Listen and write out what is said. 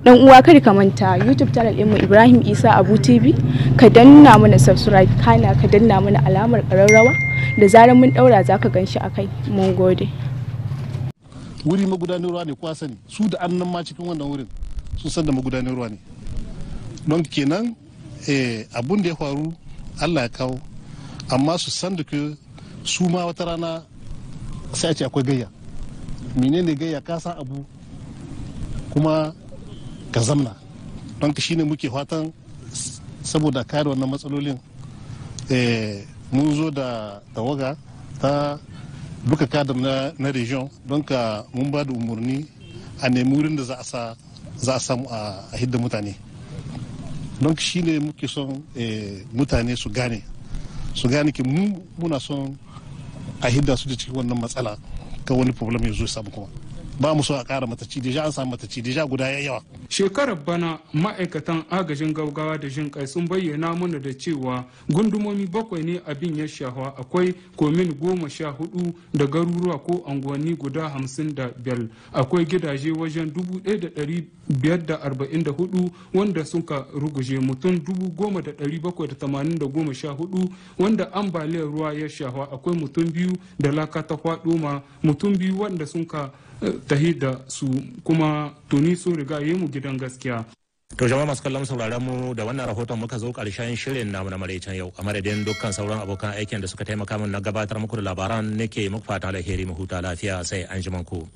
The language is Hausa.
dan uwa kada ka manta youtube channel mu ibrahim isa abu tv ka danna mana subscribe kana ka danna mana alamar kararrawa da zarar mun daura za ka ganshi a kai mun gode wuri magudanin ruwa ne kuwa sani su da annan ma cikin wannan wurin sun san da magudanin ruwa ne don kenan eh, abun da ya faru allah ya kawo amma su san da su ma wata rana sai a ce akwai gayya menene gayya ka san abu kuma ka zamna don ka shine muke fatan saboda kare wannan matsalolin eh, mun zo da tawaga ta duka kadam na region don ka mun ba da umarni a nemi wurin da za a samu a hidda mutane don shi ne muke son eh, mutane su gane su gane ki muna son a hidda su da cikin wannan matsala ka wani problem ya zo samu kuma ba mu so a ƙara mataci deja an samu mataci da ya guda ya yawa shekarar bana ma'aikatan agajin gaugawa da jin kai sun bayyana mana da cewa gundumomi bakwai ne abin ya shahwa akwai komin goma sha hudu da garuruwa ko unguwanni guda hamsin da biyar akwai gidaje wajen dubu ɗaya da ɗari biyar da arba'in da hudu wanda sun ka ruguje mutum dubu goma da ɗari bakwai da tamanin da goma sha hudu wanda ambaliyar ruwa ya shahwa akwai mutum biyu da laka ta ma mutum biyu wanda sun ka tahida da su kuma tuni sun riga yi mu gidan gaskiya To jama'a masu kallon sauraron mu da wannan rahoton muka zo karshen shirin namu na maraicen yau a madadin dukkan sauran abokan aikin da suka taimaka min na gabatar muku da labaran nake muku fata alheri mu huta lafiya sai an ku.